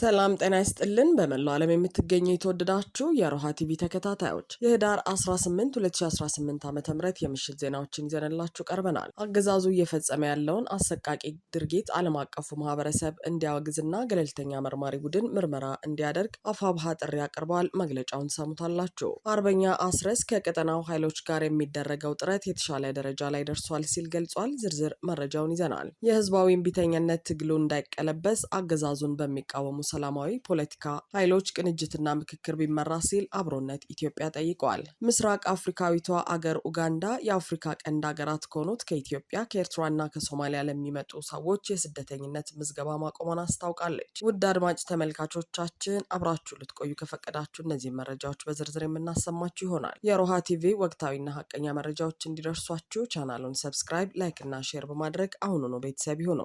ሰላም ጤና ይስጥልን። በመላው ዓለም የምትገኙ የተወደዳችሁ የሮሃ ቲቪ ተከታታዮች የህዳር 18 2018 ዓ ም የምሽት ዜናዎችን ይዘንላችሁ ቀርበናል። አገዛዙ እየፈጸመ ያለውን አሰቃቂ ድርጊት ዓለም አቀፉ ማህበረሰብ እንዲያወግዝና ገለልተኛ መርማሪ ቡድን ምርመራ እንዲያደርግ አፋብሃ ጥሪ አቅርበዋል። መግለጫውን ሰሙታላችሁ። አርበኛ አስረስ ከቀጠናው ኃይሎች ጋር የሚደረገው ጥረት የተሻለ ደረጃ ላይ ደርሷል ሲል ገልጿል። ዝርዝር መረጃውን ይዘናል። የህዝባዊ እምቢተኝነት ትግሉ እንዳይቀለበስ አገዛዙን በሚቃወሙ ሰላማዊ ፖለቲካ ኃይሎች ቅንጅትና ምክክር ቢመራ ሲል አብሮነት ኢትዮጵያ ጠይቋል። ምስራቅ አፍሪካዊቷ አገር ኡጋንዳ የአፍሪካ ቀንድ ሀገራት ከሆኑት ከኢትዮጵያ ከኤርትራና ከሶማሊያ ለሚመጡ ሰዎች የስደተኝነት ምዝገባ ማቆሟን አስታውቃለች። ውድ አድማጭ ተመልካቾቻችን አብራችሁ ልትቆዩ ከፈቀዳችሁ እነዚህ መረጃዎች በዝርዝር የምናሰማችሁ ይሆናል። የሮሃ ቲቪ ወቅታዊና ሀቀኛ መረጃዎች እንዲደርሷችሁ ቻናሉን ሰብስክራይብ፣ ላይክ እና ሼር በማድረግ አሁኑኑ ቤተሰብ ይሁኑ።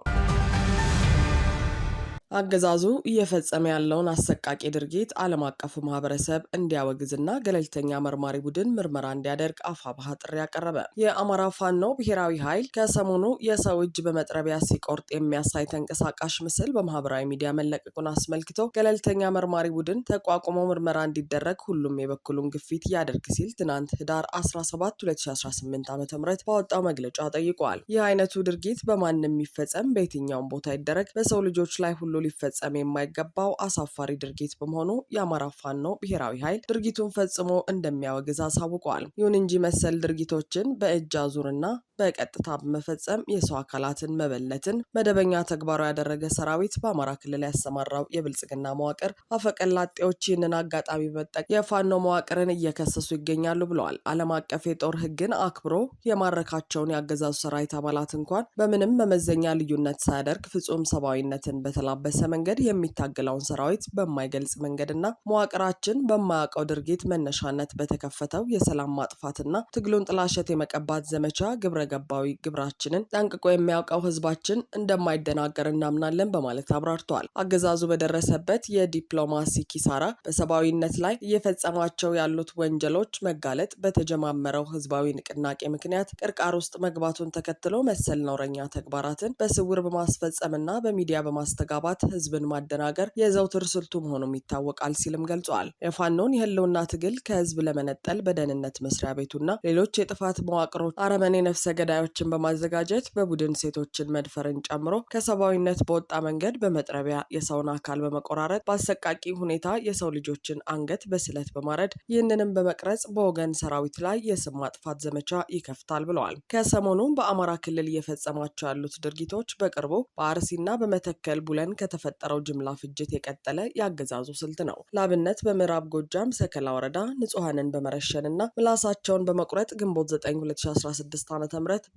አገዛዙ እየፈጸመ ያለውን አሰቃቂ ድርጊት ዓለም አቀፉ ማህበረሰብ እንዲያወግዝና ገለልተኛ መርማሪ ቡድን ምርመራ እንዲያደርግ አፋብኃ ጥሪ ያቀረበ። የአማራ ፋኖ ብሔራዊ ኃይል ከሰሞኑ የሰው እጅ በመጥረቢያ ሲቆርጥ የሚያሳይ ተንቀሳቃሽ ምስል በማህበራዊ ሚዲያ መለቀቁን አስመልክቶ ገለልተኛ መርማሪ ቡድን ተቋቁሞ ምርመራ እንዲደረግ ሁሉም የበኩሉን ግፊት ያደርግ ሲል ትናንት ህዳር 17 2018 ዓ ም ባወጣው መግለጫ ጠይቋል። ይህ አይነቱ ድርጊት በማንም የሚፈጸም በየትኛውም ቦታ ይደረግ በሰው ልጆች ላይ ሁሉ ሊፈጸም የማይገባው አሳፋሪ ድርጊት በመሆኑ የአማራ ፋኖ ብሔራዊ ኃይል ድርጊቱን ፈጽሞ እንደሚያወግዝ አሳውቋል። ይሁን እንጂ መሰል ድርጊቶችን በእጅ አዙርና በቀጥታ በመፈጸም የሰው አካላትን መበለትን መደበኛ ተግባራዊ ያደረገ ሰራዊት በአማራ ክልል ያሰማራው የብልጽግና መዋቅር አፈቀላጤዎች ይህንን አጋጣሚ በመጠቀም የፋኖ መዋቅርን እየከሰሱ ይገኛሉ ብለዋል። ዓለም አቀፍ የጦር ሕግን አክብሮ የማረካቸውን የአገዛዙ ሰራዊት አባላት እንኳን በምንም መመዘኛ ልዩነት ሳያደርግ ፍጹም ሰብአዊነትን በተላበሰ መንገድ የሚታገለውን ሰራዊት በማይገልጽ መንገድና መዋቅራችን በማያውቀው ድርጊት መነሻነት በተከፈተው የሰላም ማጥፋትና ትግሉን ጥላሸት የመቀባት ዘመቻ ግብረ ገባዊ ግብራችንን ጠንቅቆ የሚያውቀው ህዝባችን እንደማይደናገር እናምናለን በማለት አብራርተዋል። አገዛዙ በደረሰበት የዲፕሎማሲ ኪሳራ በሰብአዊነት ላይ እየፈጸማቸው ያሉት ወንጀሎች መጋለጥ በተጀማመረው ህዝባዊ ንቅናቄ ምክንያት ቅርቃር ውስጥ መግባቱን ተከትሎ መሰል ነውረኛ ተግባራትን በስውር በማስፈጸምና በሚዲያ በማስተጋባት ህዝብን ማደናገር የዘውትር ስልቱ መሆኑም ይታወቃል ሲልም ገልጿል። የፋኖን የህልውና ትግል ከህዝብ ለመነጠል በደህንነት መስሪያ ቤቱና ሌሎች የጥፋት መዋቅሮች አረመኔ ነፍሰ ዘገዳዮችን በማዘጋጀት በቡድን ሴቶችን መድፈርን ጨምሮ ከሰብአዊነት በወጣ መንገድ በመጥረቢያ የሰውን አካል በመቆራረጥ በአሰቃቂ ሁኔታ የሰው ልጆችን አንገት በስለት በማረድ ይህንንም በመቅረጽ በወገን ሰራዊት ላይ የስም ማጥፋት ዘመቻ ይከፍታል ብለዋል። ከሰሞኑ በአማራ ክልል እየፈጸማቸው ያሉት ድርጊቶች በቅርቡ በአርሲና በመተከል ቡለን ከተፈጠረው ጅምላ ፍጅት የቀጠለ የአገዛዙ ስልት ነው። ላብነት በምዕራብ ጎጃም ሰከላ ወረዳ ንጹሐንን በመረሸንና ምላሳቸውን በመቁረጥ ግንቦት 9 2016 ዓ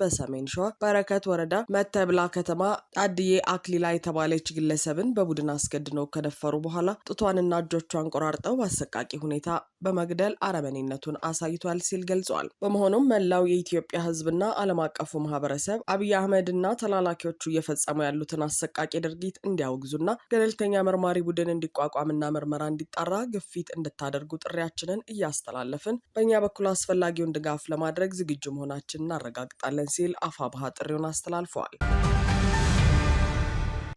በሰሜን ሸዋ በረከት ወረዳ መተብላ ከተማ አድዬ አክሊላ የተባለች ግለሰብን በቡድን አስገድነው ከደፈሩ በኋላ ጡቷንና እጆቿን ቆራርጠው በአሰቃቂ ሁኔታ በመግደል አረመኔነቱን አሳይቷል ሲል ገልጿል። በመሆኑም መላው የኢትዮጵያ ሕዝብና ዓለም አቀፉ ማህበረሰብ አብይ አህመድና ተላላኪዎቹ እየፈጸሙ ያሉትን አሰቃቂ ድርጊት እንዲያወግዙና ገለልተኛ መርማሪ ቡድን እንዲቋቋምና ምርመራ እንዲጣራ ግፊት እንድታደርጉ ጥሪያችንን እያስተላለፍን በእኛ በኩል አስፈላጊውን ድጋፍ ለማድረግ ዝግጁ መሆናችን እናረጋግጣለን ሲል አፋብሃ ጥሪውን አስተላልፈዋል።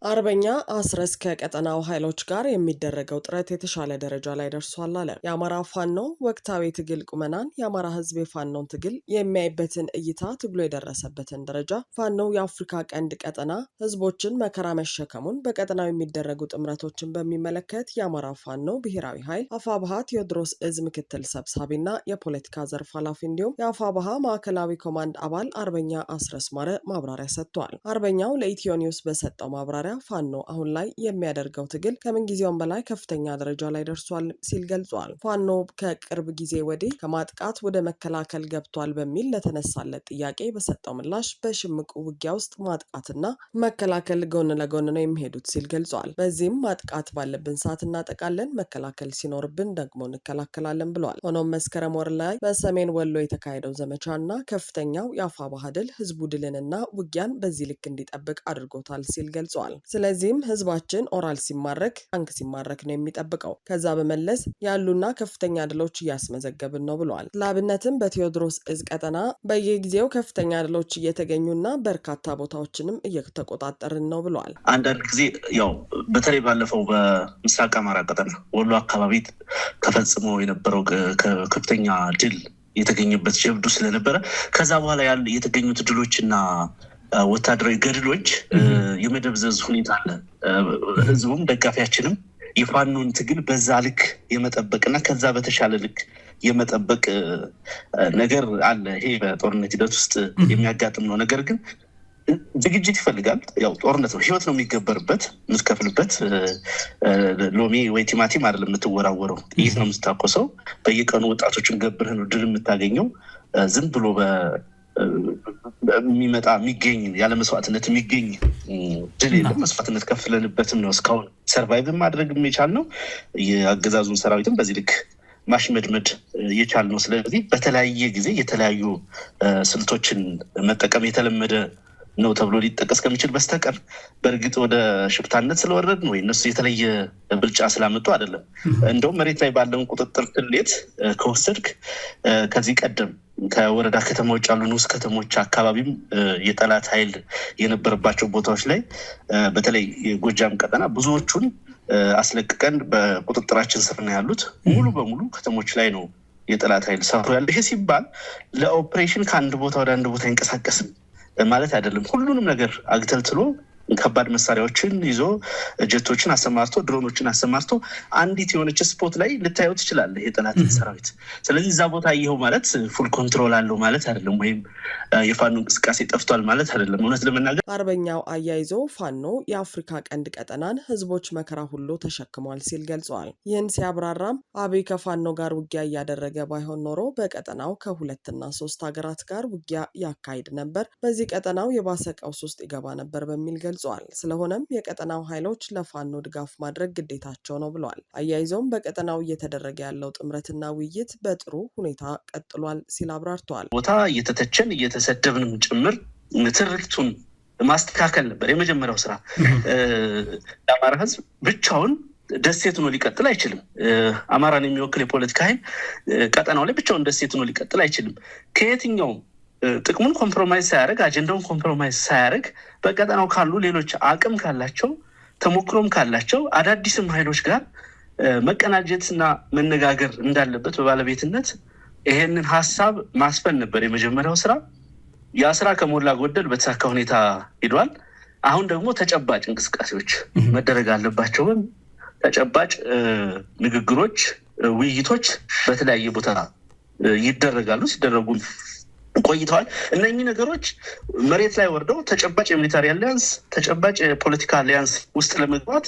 አርበኛ አስረስ ከቀጠናው ኃይሎች ጋር የሚደረገው ጥረት የተሻለ ደረጃ ላይ ደርሷል አለ። የአማራ ፋኖ ወቅታዊ ትግል ቁመናን የአማራ ህዝብ የፋኖን ትግል የሚያይበትን እይታ፣ ትግሎ የደረሰበትን ደረጃ፣ ፋኖው የአፍሪካ ቀንድ ቀጠና ህዝቦችን መከራ መሸከሙን፣ በቀጠናው የሚደረጉ ጥምረቶችን በሚመለከት የአማራ ፋኖ ብሔራዊ ኃይል አፋብሃ ቴዎድሮስ እዝ ምክትል ሰብሳቢና የፖለቲካ ዘርፍ ኃላፊ እንዲሁም የአፋብሃ ማዕከላዊ ኮማንድ አባል አርበኛ አስረስ ማረ ማብራሪያ ሰጥቷል። አርበኛው ለኢትዮ ኒውስ በሰጠው ማብራሪያ መሳሪያ ፋኖ አሁን ላይ የሚያደርገው ትግል ከምንጊዜውም በላይ ከፍተኛ ደረጃ ላይ ደርሷል ሲል ገልጿል። ፋኖ ከቅርብ ጊዜ ወዲህ ከማጥቃት ወደ መከላከል ገብቷል በሚል ለተነሳለት ጥያቄ በሰጠው ምላሽ በሽምቅ ውጊያ ውስጥ ማጥቃትና መከላከል ጎን ለጎን ነው የሚሄዱት ሲል ገልጿል። በዚህም ማጥቃት ባለብን ሰዓት እናጠቃለን፣ መከላከል ሲኖርብን ደግሞ እንከላከላለን ብሏል። ሆኖም መስከረም ወር ላይ በሰሜን ወሎ የተካሄደው ዘመቻና ከፍተኛው የአፋ ባህድል ህዝቡ ድልንና ውጊያን በዚህ ልክ እንዲጠብቅ አድርጎታል ሲል ገልጿል። ስለዚህም ህዝባችን ኦራል ሲማረክ ታንክ ሲማረክ ነው የሚጠብቀው። ከዛ በመለስ ያሉና ከፍተኛ ድሎች እያስመዘገብን ነው ብለዋል። ለአብነትም በቴዎድሮስ እዝ ቀጠና በየጊዜው ከፍተኛ ድሎች እየተገኙና በርካታ ቦታዎችንም እየተቆጣጠርን ነው ብለዋል። አንዳንድ ጊዜ ያው በተለይ ባለፈው በምስራቅ አማራ ቀጠና ወሎ አካባቢ ተፈጽሞ የነበረው ከፍተኛ ድል የተገኘበት ጀብዱ ስለነበረ ከዛ በኋላ ያሉ የተገኙት ድሎችና ወታደራዊ ገድሎች የመደብዘዝ ሁኔታ አለ። ህዝቡም ደጋፊያችንም የፋኖን ትግል በዛ ልክ የመጠበቅና ከዛ በተሻለ ልክ የመጠበቅ ነገር አለ። ይሄ በጦርነት ሂደት ውስጥ የሚያጋጥም ነው። ነገር ግን ዝግጅት ይፈልጋል። ያው ጦርነት ነው፣ ህይወት ነው የሚገበርበት። የምትከፍልበት ሎሚ ወይ ቲማቲም አይደለም የምትወራወረው፣ ይህ ነው የምትታኮሰው። በየቀኑ ወጣቶችን ገብርህ ነው ድል የምታገኘው። ዝም ብሎ የሚመጣ የሚገኝ ያለ መስዋዕትነት የሚገኝ ድል የለም። መስዋዕትነት ከፍለንበትም ነው እስካሁን ሰርቫይቭ ማድረግ የቻል ነው። የአገዛዙን ሰራዊትም በዚህ ልክ ማሽመድመድ የቻል ነው። ስለዚህ በተለያየ ጊዜ የተለያዩ ስልቶችን መጠቀም የተለመደ ነው ተብሎ ሊጠቀስ ከሚችል በስተቀር በእርግጥ ወደ ሽብታነት ስለወረድ ነው እነሱ የተለየ ብልጫ ስላመጡ አይደለም። እንደውም መሬት ላይ ባለውን ቁጥጥር ቅሌት ከወሰድክ ከዚህ ቀደም ከወረዳ ከተማ አሉ ያሉ ከተሞች አካባቢም የጠላት ኃይል የነበረባቸው ቦታዎች ላይ በተለይ የጎጃም ቀጠና ብዙዎቹን አስለቅቀን በቁጥጥራችን ስር ነው ያሉት። ሙሉ በሙሉ ከተሞች ላይ ነው የጠላት ኃይል ሰፍሮ ያለ። ይሄ ሲባል ለኦፕሬሽን ከአንድ ቦታ ወደ አንድ ቦታ አይንቀሳቀስም ማለት አይደለም። ሁሉንም ነገር አግተልትሎ ከባድ መሳሪያዎችን ይዞ ጀቶችን አሰማርቶ ድሮኖችን አሰማርቶ አንዲት የሆነች ስፖት ላይ ልታየው ትችላለህ የጠላትን ሰራዊት። ስለዚህ እዛ ቦታ አየኸው ማለት ፉል ኮንትሮል አለው ማለት አይደለም፣ ወይም የፋኖ እንቅስቃሴ ጠፍቷል ማለት አይደለም። እውነት ለመናገር አርበኛው አያይዞ ፋኖ የአፍሪካ ቀንድ ቀጠናን ህዝቦች መከራ ሁሉ ተሸክሟል ሲል ገልጸዋል። ይህን ሲያብራራም አብይ ከፋኖ ጋር ውጊያ እያደረገ ባይሆን ኖሮ በቀጠናው ከሁለትና ሶስት ሀገራት ጋር ውጊያ ያካሂድ ነበር፣ በዚህ ቀጠናው የባሰ ቀውስ ውስጥ ይገባ ነበር በሚል ገልጿል። ገልጿል። ስለሆነም የቀጠናው ኃይሎች ለፋኖ ድጋፍ ማድረግ ግዴታቸው ነው ብሏል። አያይዘውም በቀጠናው እየተደረገ ያለው ጥምረትና ውይይት በጥሩ ሁኔታ ቀጥሏል ሲል አብራርተዋል። ቦታ እየተተቸን እየተሰደብንም ጭምር ትርክቱን ማስተካከል ነበር የመጀመሪያው ስራ። ለአማራ ህዝብ ብቻውን ደሴት ሆኖ ሊቀጥል አይችልም። አማራን የሚወክል የፖለቲካ ኃይል ቀጠናው ላይ ብቻውን ደሴት ሆኖ ሊቀጥል አይችልም። ከየትኛውም ጥቅሙን ኮምፕሮማይዝ ሳያደርግ አጀንዳውን ኮምፕሮማይዝ ሳያደርግ በቀጠናው ካሉ ሌሎች አቅም ካላቸው ተሞክሮም ካላቸው አዳዲስም ኃይሎች ጋር መቀናጀትና መነጋገር እንዳለበት በባለቤትነት ይሄንን ሀሳብ ማስፈን ነበር የመጀመሪያው ስራ። ያ ስራ ከሞላ ጎደል በተሳካ ሁኔታ ሂዷል። አሁን ደግሞ ተጨባጭ እንቅስቃሴዎች መደረግ አለባቸውም። ተጨባጭ ንግግሮች፣ ውይይቶች በተለያየ ቦታ ይደረጋሉ ሲደረጉም ቆይተዋል። እነኚህ ነገሮች መሬት ላይ ወርደው ተጨባጭ የሚሊታሪ አሊያንስ፣ ተጨባጭ የፖለቲካ አሊያንስ ውስጥ ለመግባት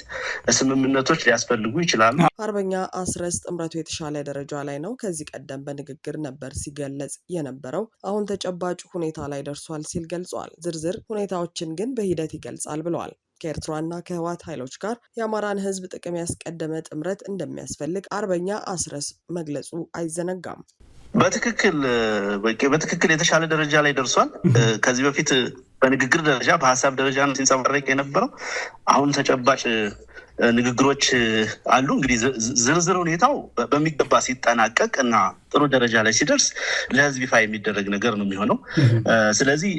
ስምምነቶች ሊያስፈልጉ ይችላሉ። አርበኛ አስረስ ጥምረቱ የተሻለ ደረጃ ላይ ነው፣ ከዚህ ቀደም በንግግር ነበር ሲገለጽ የነበረው አሁን ተጨባጭ ሁኔታ ላይ ደርሷል ሲል ገልጿል። ዝርዝር ሁኔታዎችን ግን በሂደት ይገልጻል ብለዋል። ከኤርትራና ከህወሓት ኃይሎች ጋር የአማራን ህዝብ ጥቅም ያስቀደመ ጥምረት እንደሚያስፈልግ አርበኛ አስረስ መግለጹ አይዘነጋም። በትክክል በትክክል የተሻለ ደረጃ ላይ ደርሷል ከዚህ በፊት በንግግር ደረጃ በሀሳብ ደረጃ ነው ሲንጸባረቅ የነበረው። አሁን ተጨባጭ ንግግሮች አሉ። እንግዲህ ዝርዝር ሁኔታው በሚገባ ሲጠናቀቅ እና ጥሩ ደረጃ ላይ ሲደርስ ለህዝብ ይፋ የሚደረግ ነገር ነው የሚሆነው። ስለዚህ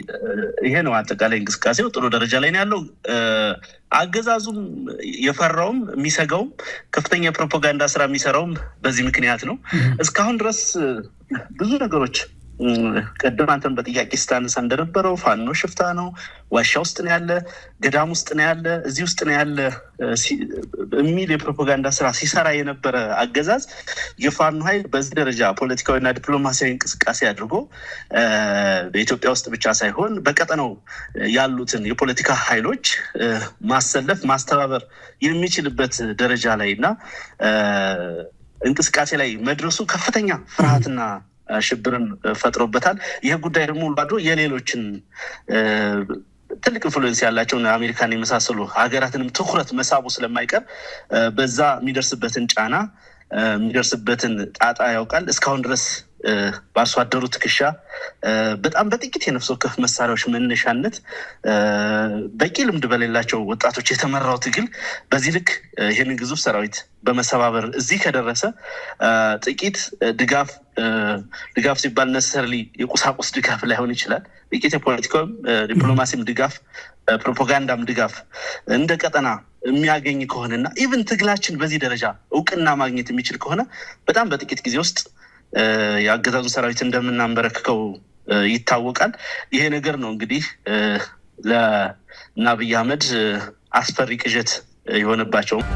ይሄ ነው አጠቃላይ እንቅስቃሴው። ጥሩ ደረጃ ላይ ነው ያለው። አገዛዙም የፈራውም የሚሰጋውም ከፍተኛ የፕሮፓጋንዳ ስራ የሚሰራውም በዚህ ምክንያት ነው። እስካሁን ድረስ ብዙ ነገሮች ቅድም አንተን በጥያቄ ስታነሳ እንደነበረው ፋኖ ሽፍታ ነው፣ ዋሻ ውስጥ ነው ያለ፣ ገዳም ውስጥ ነው ያለ፣ እዚህ ውስጥ ነው ያለ የሚል የፕሮፓጋንዳ ስራ ሲሰራ የነበረ አገዛዝ የፋኖ ኃይል በዚህ ደረጃ ፖለቲካዊና ዲፕሎማሲያዊ እንቅስቃሴ አድርጎ በኢትዮጵያ ውስጥ ብቻ ሳይሆን በቀጠነው ያሉትን የፖለቲካ ኃይሎች ማሰለፍ ማስተባበር የሚችልበት ደረጃ ላይ እና እንቅስቃሴ ላይ መድረሱ ከፍተኛ ፍርሃትና ሽብርን ፈጥሮበታል። ይህ ጉዳይ ደግሞ ባዶ የሌሎችን ትልቅ ኢንፍሉዌንስ ያላቸውን አሜሪካን የመሳሰሉ ሀገራትንም ትኩረት መሳቡ ስለማይቀር በዛ የሚደርስበትን ጫና የሚደርስበትን ጣጣ ያውቃል። እስካሁን ድረስ በአርሶ አደሩ ትከሻ በጣም በጥቂት የነፍስ ወከፍ መሳሪያዎች መነሻነት በቂ ልምድ በሌላቸው ወጣቶች የተመራው ትግል በዚህ ልክ ይህንን ግዙፍ ሰራዊት በመሰባበር እዚህ ከደረሰ ጥቂት ድጋፍ ድጋፍ ሲባል ነሰርሊ የቁሳቁስ ድጋፍ ላይሆን ይችላል። ጥቂት የፖለቲካም ዲፕሎማሲም ድጋፍ፣ ፕሮፓጋንዳም ድጋፍ እንደ ቀጠና የሚያገኝ ከሆነና ኢቭን ትግላችን በዚህ ደረጃ እውቅና ማግኘት የሚችል ከሆነ በጣም በጥቂት ጊዜ ውስጥ የአገዛዙ ሰራዊት እንደምናንበረክከው ይታወቃል። ይሄ ነገር ነው እንግዲህ ለናብይ አህመድ አስፈሪ ቅዠት የሆነባቸውም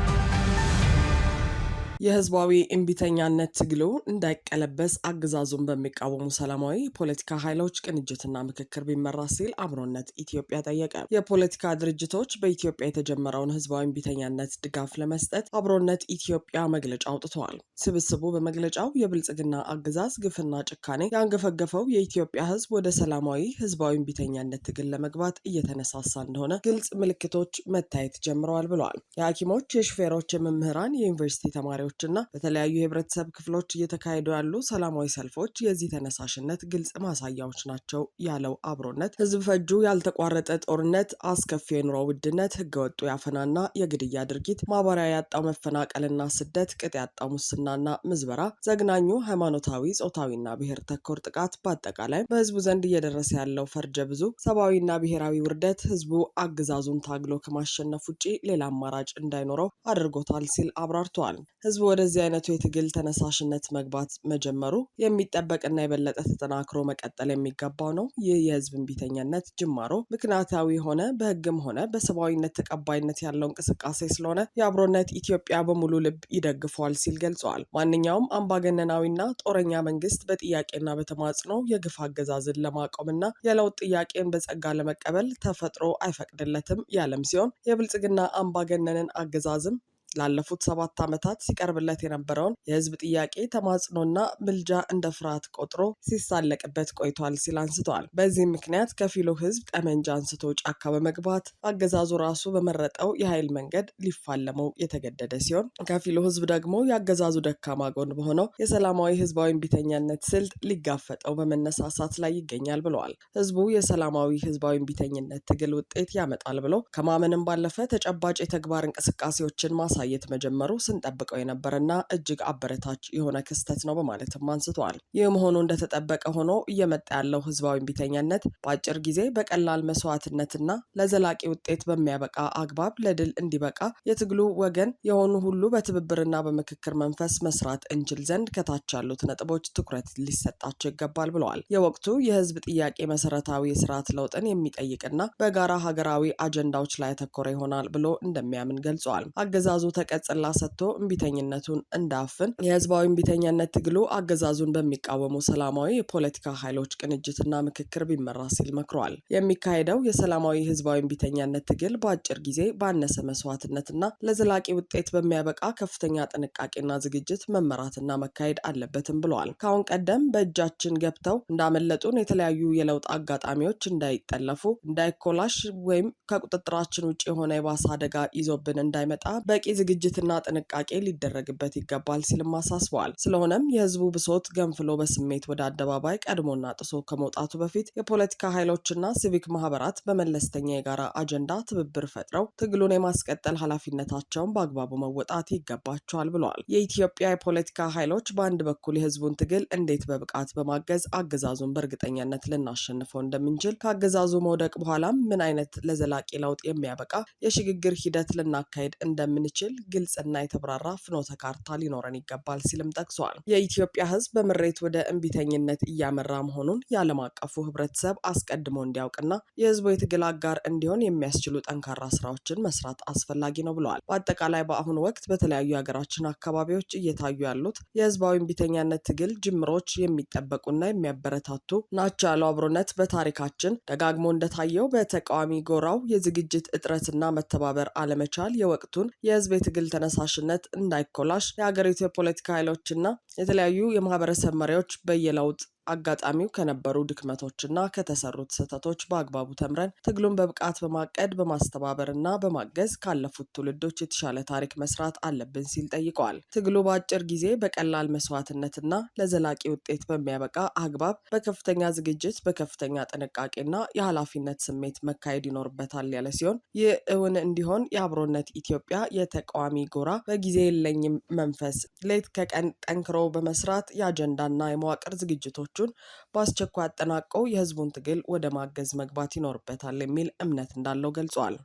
የህዝባዊ እምቢተኛነት ትግሉ እንዳይቀለበስ አገዛዙን በሚቃወሙ ሰላማዊ የፖለቲካ ኃይሎች ቅንጅትና ምክክር ቢመራ ሲል አብሮነት ኢትዮጵያ ጠየቀ። የፖለቲካ ድርጅቶች በኢትዮጵያ የተጀመረውን ህዝባዊ እምቢተኛነት ድጋፍ ለመስጠት አብሮነት ኢትዮጵያ መግለጫ አውጥተዋል። ስብስቡ በመግለጫው የብልጽግና አገዛዝ ግፍና ጭካኔ ያንገፈገፈው የኢትዮጵያ ህዝብ ወደ ሰላማዊ ህዝባዊ እምቢተኛነት ትግል ለመግባት እየተነሳሳ እንደሆነ ግልጽ ምልክቶች መታየት ጀምረዋል ብለዋል። የሐኪሞች፣ የሹፌሮች፣ የመምህራን፣ የዩኒቨርሲቲ ተማሪዎች እና በተለያዩ የህብረተሰብ ክፍሎች እየተካሄዱ ያሉ ሰላማዊ ሰልፎች የዚህ ተነሳሽነት ግልጽ ማሳያዎች ናቸው ያለው አብሮነት ህዝብ ፈጁ ያልተቋረጠ ጦርነት፣ አስከፊ የኑሮ ውድነት፣ ህገወጡ ያፈናና የግድያ ድርጊት፣ ማህበራዊ ያጣው መፈናቀልና ስደት፣ ቅጥ ያጣው ሙስናና ምዝበራ፣ ዘግናኙ ሃይማኖታዊ፣ ጾታዊና ብሔር ተኮር ጥቃት፣ በአጠቃላይ በህዝቡ ዘንድ እየደረሰ ያለው ፈርጀ ብዙ ሰብአዊና ብሔራዊ ውርደት ህዝቡ አገዛዙን ታግሎ ከማሸነፍ ውጪ ሌላ አማራጭ እንዳይኖረው አድርጎታል ሲል አብራርተዋል። ህዝቡ ወደዚህ አይነቱ የትግል ተነሳሽነት መግባት መጀመሩ የሚጠበቅና የበለጠ ተጠናክሮ መቀጠል የሚገባው ነው። ይህ የህዝብ እምቢተኝነት ጅማሮ ምክንያታዊ ሆነ በህግም ሆነ በሰብአዊነት ተቀባይነት ያለው እንቅስቃሴ ስለሆነ የአብሮነት ኢትዮጵያ በሙሉ ልብ ይደግፈዋል ሲል ገልጸዋል። ማንኛውም አምባገነናዊና ጦረኛ መንግስት በጥያቄና በተማጽኖ የግፍ አገዛዝን ለማቆምና የለውጥ ጥያቄን በጸጋ ለመቀበል ተፈጥሮ አይፈቅድለትም ያለም ሲሆን የብልጽግና አምባገነንን አገዛዝም ላለፉት ሰባት ዓመታት ሲቀርብለት የነበረውን የህዝብ ጥያቄ ተማጽኖና ምልጃ እንደ ፍርሃት ቆጥሮ ሲሳለቅበት ቆይቷል ሲል አንስተዋል። በዚህም ምክንያት ከፊሉ ህዝብ ጠመንጃ አንስቶ ጫካ በመግባት አገዛዙ ራሱ በመረጠው የኃይል መንገድ ሊፋለመው የተገደደ ሲሆን፣ ከፊሉ ህዝብ ደግሞ የአገዛዙ ደካማ ጎን በሆነው የሰላማዊ ህዝባዊ እምቢተኛነት ስልት ሊጋፈጠው በመነሳሳት ላይ ይገኛል ብለዋል። ህዝቡ የሰላማዊ ህዝባዊ እምቢተኝነት ትግል ውጤት ያመጣል ብሎ ከማመንም ባለፈ ተጨባጭ የተግባር እንቅስቃሴዎችን ማ ማሳየት መጀመሩ ስንጠብቀው የነበረና እጅግ አበረታች የሆነ ክስተት ነው በማለትም አንስተዋል። ይህ መሆኑ እንደተጠበቀ ሆኖ እየመጣ ያለው ህዝባዊ ቢተኛነት በአጭር ጊዜ በቀላል መስዋዕትነትና ለዘላቂ ውጤት በሚያበቃ አግባብ ለድል እንዲበቃ የትግሉ ወገን የሆኑ ሁሉ በትብብርና በምክክር መንፈስ መስራት እንችል ዘንድ ከታች ያሉት ነጥቦች ትኩረት ሊሰጣቸው ይገባል ብለዋል። የወቅቱ የህዝብ ጥያቄ መሰረታዊ የስርዓት ለውጥን የሚጠይቅና በጋራ ሀገራዊ አጀንዳዎች ላይ ያተኮረ ይሆናል ብሎ እንደሚያምን ገልጿል። አገዛዙ አገዛዙ ተቀጽላ ሰጥቶ እምቢተኝነቱን እንዳፍን የህዝባዊ እምቢተኝነት ትግሉ አገዛዙን በሚቃወሙ ሰላማዊ የፖለቲካ ኃይሎች ቅንጅትና ምክክር ቢመራ ሲል መክሯል። የሚካሄደው የሰላማዊ ህዝባዊ እምቢተኝነት ትግል በአጭር ጊዜ ባነሰ መስዋዕትነትና ለዘላቂ ውጤት በሚያበቃ ከፍተኛ ጥንቃቄና ዝግጅት መመራትና መካሄድ አለበትም ብለዋል። ከአሁን ቀደም በእጃችን ገብተው እንዳመለጡን የተለያዩ የለውጥ አጋጣሚዎች እንዳይጠለፉ፣ እንዳይኮላሽ ወይም ከቁጥጥራችን ውጭ የሆነ የባሰ አደጋ ይዞብን እንዳይመጣ በቂ ዝግጅትና ጥንቃቄ ሊደረግበት ይገባል ሲልም አሳስበዋል። ስለሆነም የህዝቡ ብሶት ገንፍሎ በስሜት ወደ አደባባይ ቀድሞና ጥሶ ከመውጣቱ በፊት የፖለቲካ ኃይሎችና ሲቪክ ማህበራት በመለስተኛ የጋራ አጀንዳ ትብብር ፈጥረው ትግሉን የማስቀጠል ኃላፊነታቸውን በአግባቡ መወጣት ይገባቸዋል ብለዋል። የኢትዮጵያ የፖለቲካ ኃይሎች በአንድ በኩል የህዝቡን ትግል እንዴት በብቃት በማገዝ አገዛዙን በእርግጠኛነት ልናሸንፈው እንደምንችል ከአገዛዙ መውደቅ በኋላም ምን አይነት ለዘላቂ ለውጥ የሚያበቃ የሽግግር ሂደት ልናካሄድ እንደምንችል የሚችል ግልጽና የተብራራ ፍኖተ ካርታ ሊኖረን ይገባል ሲልም ጠቅሷል። የኢትዮጵያ ሕዝብ በምሬት ወደ እምቢተኝነት እያመራ መሆኑን የዓለም አቀፉ ህብረተሰብ አስቀድሞ እንዲያውቅና የህዝቡ የትግል አጋር እንዲሆን የሚያስችሉ ጠንካራ ስራዎችን መስራት አስፈላጊ ነው ብለዋል። በአጠቃላይ በአሁኑ ወቅት በተለያዩ የሀገራችን አካባቢዎች እየታዩ ያሉት የህዝባዊ እምቢተኛነት ትግል ጅምሮች የሚጠበቁና የሚያበረታቱ ናቸው ያለው አብሮነት በታሪካችን ደጋግሞ እንደታየው በተቃዋሚ ጎራው የዝግጅት እጥረትና መተባበር አለመቻል የወቅቱን የህዝብ የትግል ተነሳሽነት እንዳይኮላሽ የሀገሪቱ የፖለቲካ ኃይሎችና የተለያዩ የማህበረሰብ መሪዎች በየለውጥ አጋጣሚው ከነበሩ ድክመቶችና ከተሰሩት ስህተቶች በአግባቡ ተምረን ትግሉን በብቃት በማቀድ በማስተባበርና በማገዝ ካለፉት ትውልዶች የተሻለ ታሪክ መስራት አለብን ሲል ጠይቀዋል። ትግሉ በአጭር ጊዜ በቀላል መስዋዕትነትና ለዘላቂ ውጤት በሚያበቃ አግባብ በከፍተኛ ዝግጅት፣ በከፍተኛ ጥንቃቄና የኃላፊነት ስሜት መካሄድ ይኖርበታል ያለ ሲሆን ይህ እውን እንዲሆን የአብሮነት ኢትዮጵያ የተቃዋሚ ጎራ በጊዜ የለኝም መንፈስ ሌት ከቀን ጠንክሮ በመስራት የአጀንዳና የመዋቅር ዝግጅቶች ስራዎቹን በአስቸኳይ አጠናቀው የህዝቡን ትግል ወደ ማገዝ መግባት ይኖርበታል የሚል እምነት እንዳለው ገልጿል።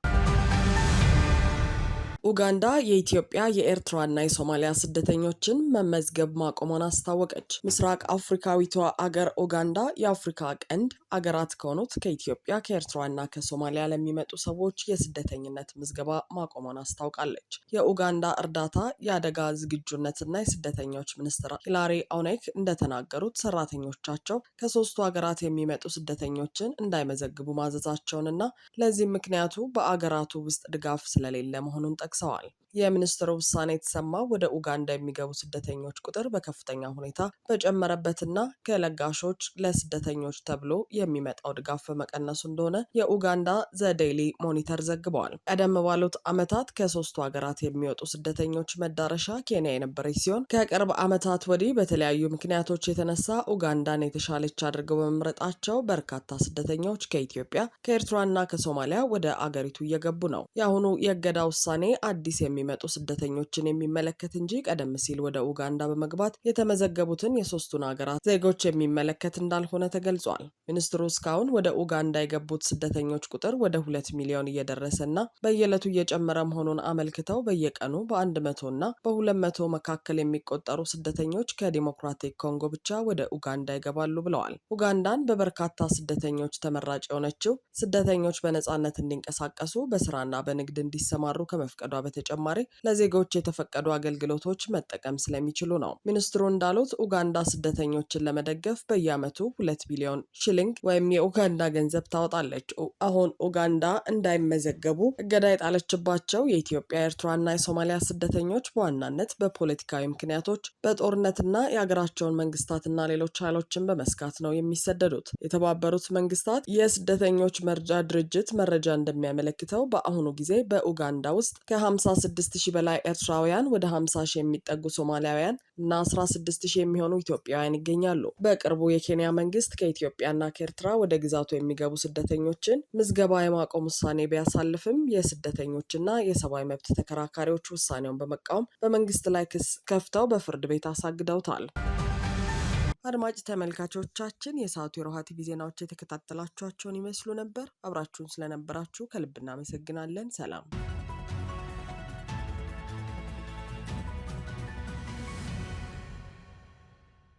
ኡጋንዳ የኢትዮጵያ የኤርትራና የሶማሊያ ስደተኞችን መመዝገብ ማቆሟን አስታወቀች። ምስራቅ አፍሪካዊቷ አገር ኡጋንዳ የአፍሪካ ቀንድ አገራት ከሆኑት ከኢትዮጵያ ከኤርትራና ከሶማሊያ ለሚመጡ ሰዎች የስደተኝነት ምዝገባ ማቆሟን አስታውቃለች። የኡጋንዳ እርዳታ የአደጋ ዝግጁነትና የስደተኞች ሚኒስትር ሂላሪ ኦኔክ እንደተናገሩት ሰራተኞቻቸው ከሶስቱ ሀገራት የሚመጡ ስደተኞችን እንዳይመዘግቡ ማዘዛቸውንና ለዚህም ምክንያቱ በአገራቱ ውስጥ ድጋፍ ስለሌለ መሆኑን ጠቅ sucks all የሚኒስትሩ ውሳኔ የተሰማው ወደ ኡጋንዳ የሚገቡ ስደተኞች ቁጥር በከፍተኛ ሁኔታ በጨመረበትና ከለጋሾች ለስደተኞች ተብሎ የሚመጣው ድጋፍ በመቀነሱ እንደሆነ የኡጋንዳ ዘዴይሊ ሞኒተር ዘግበዋል። ቀደም ባሉት ዓመታት ከሶስቱ ሀገራት የሚወጡ ስደተኞች መዳረሻ ኬንያ የነበረች ሲሆን ከቅርብ ዓመታት ወዲህ በተለያዩ ምክንያቶች የተነሳ ኡጋንዳን የተሻለች አድርገው በመምረጣቸው በርካታ ስደተኞች ከኢትዮጵያ፣ ከኤርትራና ከሶማሊያ ወደ አገሪቱ እየገቡ ነው። የአሁኑ የእገዳ ውሳኔ አዲስ የሚ የሚመጡ ስደተኞችን የሚመለከት እንጂ ቀደም ሲል ወደ ኡጋንዳ በመግባት የተመዘገቡትን የሶስቱን ሀገራት ዜጎች የሚመለከት እንዳልሆነ ተገልጿል። ሚኒስትሩ እስካሁን ወደ ኡጋንዳ የገቡት ስደተኞች ቁጥር ወደ ሁለት ሚሊዮን እየደረሰ ና በየዕለቱ እየጨመረ መሆኑን አመልክተው በየቀኑ በአንድ መቶ እና በሁለት መቶ መካከል የሚቆጠሩ ስደተኞች ከዲሞክራቲክ ኮንጎ ብቻ ወደ ኡጋንዳ ይገባሉ ብለዋል። ኡጋንዳን በበርካታ ስደተኞች ተመራጭ የሆነችው ስደተኞች በነጻነት እንዲንቀሳቀሱ በስራና በንግድ እንዲሰማሩ ከመፍቀዷ በተጨማሪ በተጨማሪ ለዜጎች የተፈቀዱ አገልግሎቶች መጠቀም ስለሚችሉ ነው። ሚኒስትሩ እንዳሉት ኡጋንዳ ስደተኞችን ለመደገፍ በየዓመቱ ሁለት ቢሊዮን ሽሊንግ ወይም የኡጋንዳ ገንዘብ ታወጣለች። አሁን ኡጋንዳ እንዳይመዘገቡ እገዳ የጣለችባቸው የኢትዮጵያ ኤርትራና የሶማሊያ ስደተኞች በዋናነት በፖለቲካዊ ምክንያቶች በጦርነትና የሀገራቸውን መንግስታትና ሌሎች ኃይሎችን በመስጋት ነው የሚሰደዱት። የተባበሩት መንግስታት የስደተኞች መርጃ ድርጅት መረጃ እንደሚያመለክተው በአሁኑ ጊዜ በኡጋንዳ ውስጥ ከ56 ከስድስት ሺህ በላይ ኤርትራውያን ወደ ሀምሳ ሺህ የሚጠጉ ሶማሊያውያን እና አስራ ስድስት ሺህ የሚሆኑ ኢትዮጵያውያን ይገኛሉ። በቅርቡ የኬንያ መንግስት ከኢትዮጵያና ከኤርትራ ወደ ግዛቱ የሚገቡ ስደተኞችን ምዝገባ የማቆም ውሳኔ ቢያሳልፍም የስደተኞችና የሰብአዊ መብት ተከራካሪዎች ውሳኔውን በመቃወም በመንግስት ላይ ክስ ከፍተው በፍርድ ቤት አሳግደውታል። አድማጭ ተመልካቾቻችን የሰዓቱ የሮሃ ቲቪ ዜናዎች የተከታተላችኋቸውን ይመስሉ ነበር። አብራችሁን ስለነበራችሁ ከልብ እናመሰግናለን። ሰላም